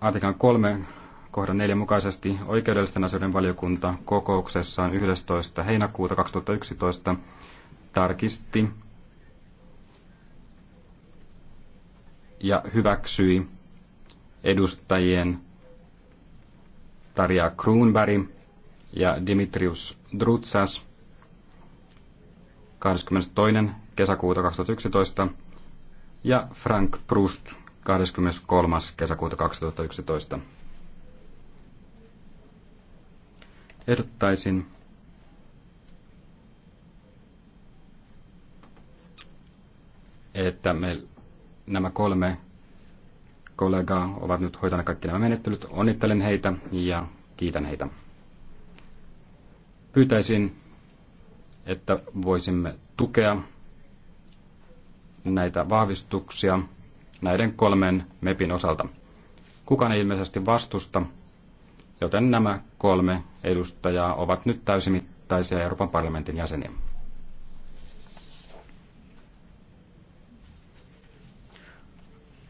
artiklan 3 kohdan 4 mukaisesti oikeudellisten asioiden valiokunta kokouksessaan 11. heinäkuuta 2011 tarkisti ja hyväksyi edustajien Tarja Kruunberg ja Dimitrius Drutsas 22. kesäkuuta 2011 ja Frank Prust 23. kesäkuuta 2011. Ehdottaisin, että me nämä kolme kollegaa ovat nyt hoitaneet kaikki nämä menettelyt. Onnittelen heitä ja kiitän heitä. Pyytäisin, että voisimme tukea näitä vahvistuksia näiden kolmen MEPin osalta. Kukaan ei ilmeisesti vastusta, joten nämä kolme edustajaa ovat nyt täysimittaisia Euroopan parlamentin jäseniä.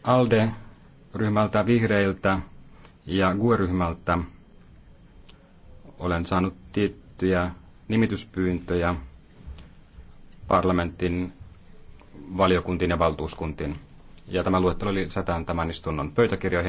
ALDE-ryhmältä, vihreiltä ja GUE-ryhmältä olen saanut tiettyjä nimityspyyntöjä parlamentin valiokuntiin ja valtuuskuntiin. Ja tämä luettelo lisätään tämän istunnon pöytäkirjoihin.